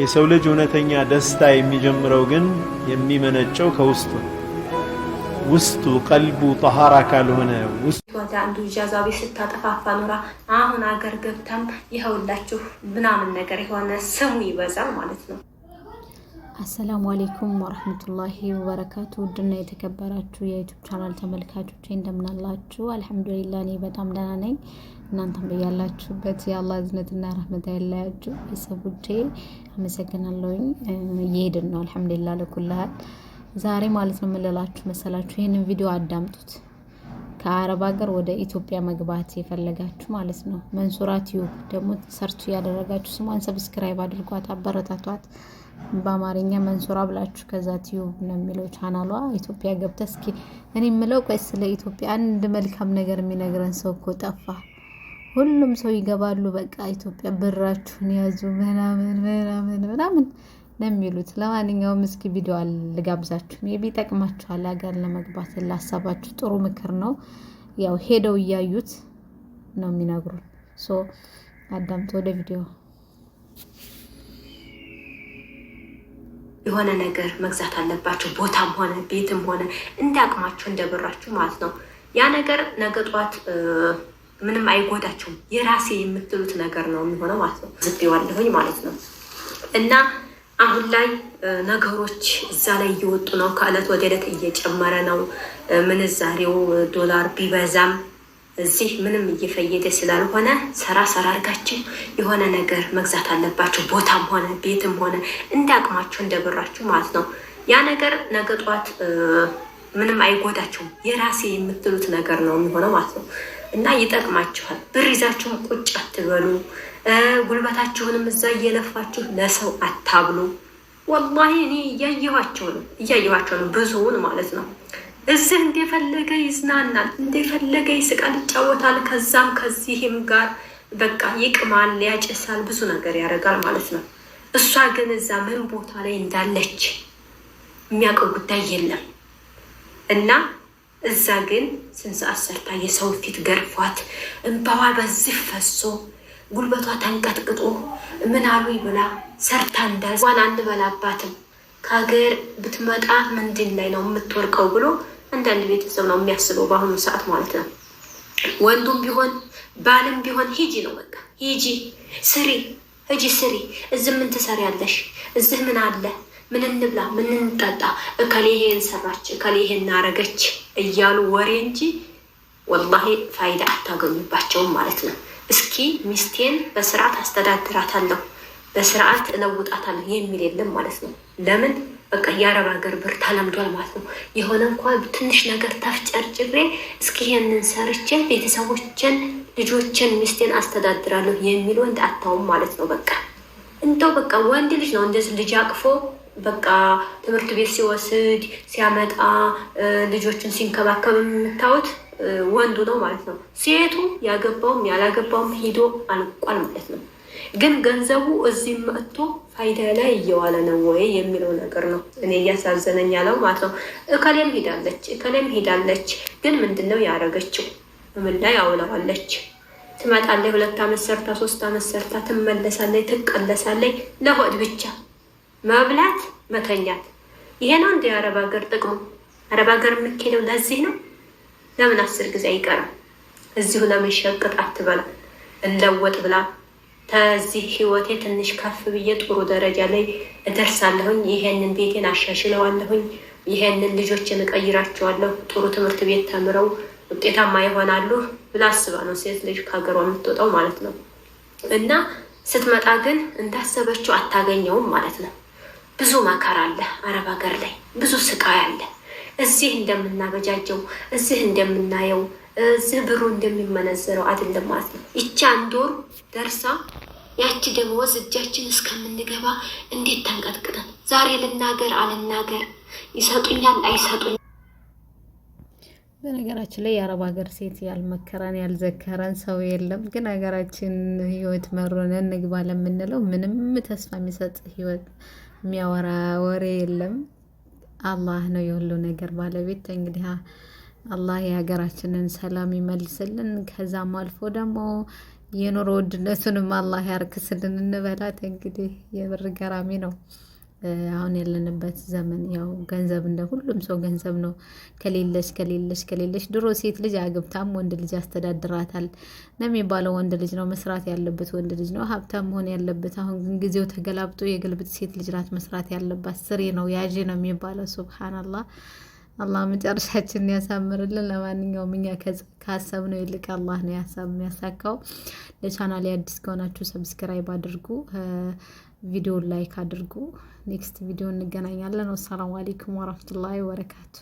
የሰው ልጅ እውነተኛ ደስታ የሚጀምረው ግን የሚመነጨው ከውስጡ ውስጡ ቀልቡ ጠሃራ ካልሆነ ውስጥ ወደ አንዱ ኢጃዛ ቤት ስታጠፋፋ ኑራ አሁን አገር ገብታም ይኸውላችሁ ምናምን ነገር የሆነ ስሙ ይበዛል ማለት ነው። አሰላሙ አሌይኩም ወረህመቱላሂ ወበረካቱ። ውድና የተከበራችሁ የዩቱብ ቻናል ተመልካቾች እንደምናላችሁ? አልሐምዱሊላ እኔ በጣም ደህና ነኝ። እናንተም ያላችሁበት የአላህ እዝነትና ረህመት ያለያችሁ ቤተሰቦቼ አመሰግናለሁኝ። እየሄድን ነው አልሐምዱሊላ ለኩልሃል። ዛሬ ማለት ነው የምንላችሁ መሰላችሁ ይህንን ቪዲዮ አዳምጡት። ከአረብ ሀገር ወደ ኢትዮጵያ መግባት የፈለጋችሁ ማለት ነው መንሱራት ዩ ደግሞ ሰርቱ እያደረጋችሁ ስሟን ሰብስክራይብ አድርጓት፣ አበረታቷት በአማርኛ መንሱራ ብላችሁ ከዛ ቲዩብ ነው የሚለው ቻናሏ። ኢትዮጵያ ገብተ እስኪ እኔ የምለው ቆይ ስለ ኢትዮጵያ አንድ መልካም ነገር የሚነግረን ሰው እኮ ጠፋ። ሁሉም ሰው ይገባሉ። በቃ ኢትዮጵያ ብራችሁን ያዙ ምናምን ምናምን ምናምን ነው የሚሉት። ለማንኛውም እስኪ ቪዲዮ ልጋብዛችሁ። ሜይ ሀገር ለመግባት ላሳባችሁ። ጥሩ ምክር ነው። ያው ሄደው እያዩት ነው የሚነግሩን። ሶ አዳምቶ ወደ ቪዲዮ የሆነ ነገር መግዛት አለባቸው። ቦታም ሆነ ቤትም ሆነ እንደ አቅማቸው እንደ ማለት ነው። ያ ነገር ነገ ጠዋት ምንም አይጎዳቸውም። የራሴ የምትሉት ነገር ነው የሚሆነው ማለት ነው። ዝቤዋለሁኝ ማለት ነው። እና አሁን ላይ ነገሮች እዛ ላይ እየወጡ ነው። ከእለት ወደ ዕለት እየጨመረ ነው ምንዛሬው ዶላር ቢበዛም እዚህ ምንም እየፈየደ ስላልሆነ ሰራ ሰራ አድርጋችሁ የሆነ ነገር መግዛት አለባችሁ። ቦታም ሆነ ቤትም ሆነ እንደ አቅማችሁ እንደ ብራችሁ ማለት ነው። ያ ነገር ነገ ጠዋት ምንም አይጎዳችሁም። የራሴ የምትሉት ነገር ነው የሚሆነው ማለት ነው እና ይጠቅማችኋል። ብር ይዛችሁ ቁጭ አትበሉ። ጉልበታችሁንም እዛ እየለፋችሁ ለሰው አታብሉ። ወላሂ እኔ እያየኋቸው ነው እያየኋቸው ነው ብዙውን ማለት ነው እዚህ እንደፈለገ ይዝናናል፣ እንደፈለገ ይስቃል፣ ይጫወታል። ከዛም ከዚህም ጋር በቃ ይቅማል፣ ያጨሳል፣ ብዙ ነገር ያደርጋል ማለት ነው። እሷ ግን እዛ ምን ቦታ ላይ እንዳለች የሚያውቀው ጉዳይ የለም እና እዛ ግን ስንት ሰዓት ሰርታ የሰው ፊት ገርፏት እንባዋ በዚህ ፈሶ ጉልበቷ ተንቀጥቅጦ ምን ብላ ሰርታ እንዳዋን ዋን አንበላባትም ከሀገር ብትመጣ ምንድን ላይ ነው የምትወርቀው ብሎ አንዳንድ ቤተሰብ ነው የሚያስበው በአሁኑ ሰዓት ማለት ነው። ወንዱም ቢሆን ባልም ቢሆን ሂጂ ነው በቃ ሂጂ ስሪ፣ ሂጂ ስሪ። እዚህ ምን ትሰሪያለሽ? እዚህ ምን አለ? ምን እንብላ? ምን እንጠጣ? እከሌ ይሄን ሰራች፣ እከሌ ይሄን አረገች እያሉ ወሬ እንጂ ወላሂ ፋይዳ አታገኙባቸውም ማለት ነው። እስኪ ሚስቴን በስርዓት አስተዳድራታለሁ፣ በስርዓት እለውጣታለሁ የሚል የለም ማለት ነው። ለምን በቃ የአረብ ሀገር ብር ተለምዷል ማለት ነው። የሆነ እንኳ ትንሽ ነገር ተፍጨርጭሬ እስኪ ይሄንን ሰርቼ ቤተሰቦችን፣ ልጆችን፣ ሚስቴን አስተዳድራለሁ የሚል ወንድ አታውም ማለት ነው። በቃ እንደው በቃ ወንድ ልጅ ነው እንደዚህ ልጅ አቅፎ በቃ ትምህርት ቤት ሲወስድ ሲያመጣ ልጆችን ሲንከባከብ የምታዩት ወንዱ ነው ማለት ነው። ሴቱ ያገባውም ያላገባውም ሂዶ አልቋል ማለት ነው። ግን ገንዘቡ እዚህ መጥቶ ፋይዳ ላይ እየዋለ ነው ወይ የሚለው ነገር ነው እኔ እያሳዘነኝ ያለው ማለት ነው። እከሌም ሄዳለች እከሌም ሄዳለች፣ ግን ምንድን ነው ያደረገችው? ምን ላይ አውለዋለች? ትመጣለች፣ ሁለት አመት ሰርታ ሶስት አመት ሰርታ ትመለሳለች፣ ትቀለሳለች፣ ለሆድ ብቻ መብላት መተኛት። ይሄ ነው እንደ አረብ ሀገር ጥቅሙ። አረብ ሀገር የምትሄደው ለዚህ ነው። ለምን አስር ጊዜ አይቀርም? እዚሁ ለመሸቀጥ አትበላ እንለወጥ ብላ ከዚህ ህይወቴ ትንሽ ከፍ ብዬ ጥሩ ደረጃ ላይ እደርሳለሁኝ፣ ይሄንን ቤቴን አሻሽለዋለሁኝ፣ ይሄንን ልጆችን እቀይራቸዋለሁ፣ ጥሩ ትምህርት ቤት ተምረው ውጤታማ ይሆናሉ ብላ አስባ ነው ሴት ልጅ ከሀገሯ የምትወጣው ማለት ነው። እና ስትመጣ ግን እንዳሰበችው አታገኘውም ማለት ነው። ብዙ መከራ አለ፣ አረብ ሀገር ላይ ብዙ ስቃይ አለ። እዚህ እንደምናበጃጀው እዚህ እንደምናየው እዚህ ብሩ እንደሚመነዘረው አይደለም ማለት ነው። ይቺ አንድ ወር ደርሳ ያቺ ደመወዝ እጃችን እስከምንገባ እንዴት ተንቀጥቅጠን ዛሬ ልናገር አልናገር፣ ይሰጡኛል አይሰጡኝ። በነገራችን ላይ የአረብ ሀገር ሴት ያልመከረን ያልዘከረን ሰው የለም። ግን ሀገራችን ህይወት መሮን እንግባ ለምንለው ምንም ተስፋ የሚሰጥ ህይወት የሚያወራ ወሬ የለም። አላህ ነው የሁሉ ነገር ባለቤት እንግዲህ አላህ የሀገራችንን ሰላም ይመልስልን። ከዛም አልፎ ደግሞ የኑሮ ውድነቱንም አላህ ያርክስልን እንበላት። እንግዲህ የብር ገራሚ ነው። አሁን ያለንበት ዘመን ያው ገንዘብ እንደ ሁሉም ሰው ገንዘብ ነው። ከሌለሽ ከሌለሽ ከሌለሽ ድሮ ሴት ልጅ አግብታም ወንድ ልጅ ያስተዳድራታል ነው የሚባለው። ወንድ ልጅ ነው መስራት ያለበት፣ ወንድ ልጅ ነው ሀብታም መሆን ያለበት። አሁን ግን ጊዜው ተገላብጦ የግልብጥ ሴት ልጅ ናት መስራት ያለባት። ስሬ ነው ያዤ ነው የሚባለው። ሱብሃነላህ አላህ መጨረሻችንን ያሳምርልን። ለማንኛውም እኛ ካሰብነው ይልቅ አላህ ነው ያሳብ የሚያሳካው። ለቻናል አዲስ ከሆናችሁ ሰብስክራይብ አድርጉ፣ ቪዲዮን ላይክ አድርጉ። ኔክስት ቪዲዮ እንገናኛለን። ወሰላሙ አሌይኩም ወረህመቱላሂ ወበረካቱ።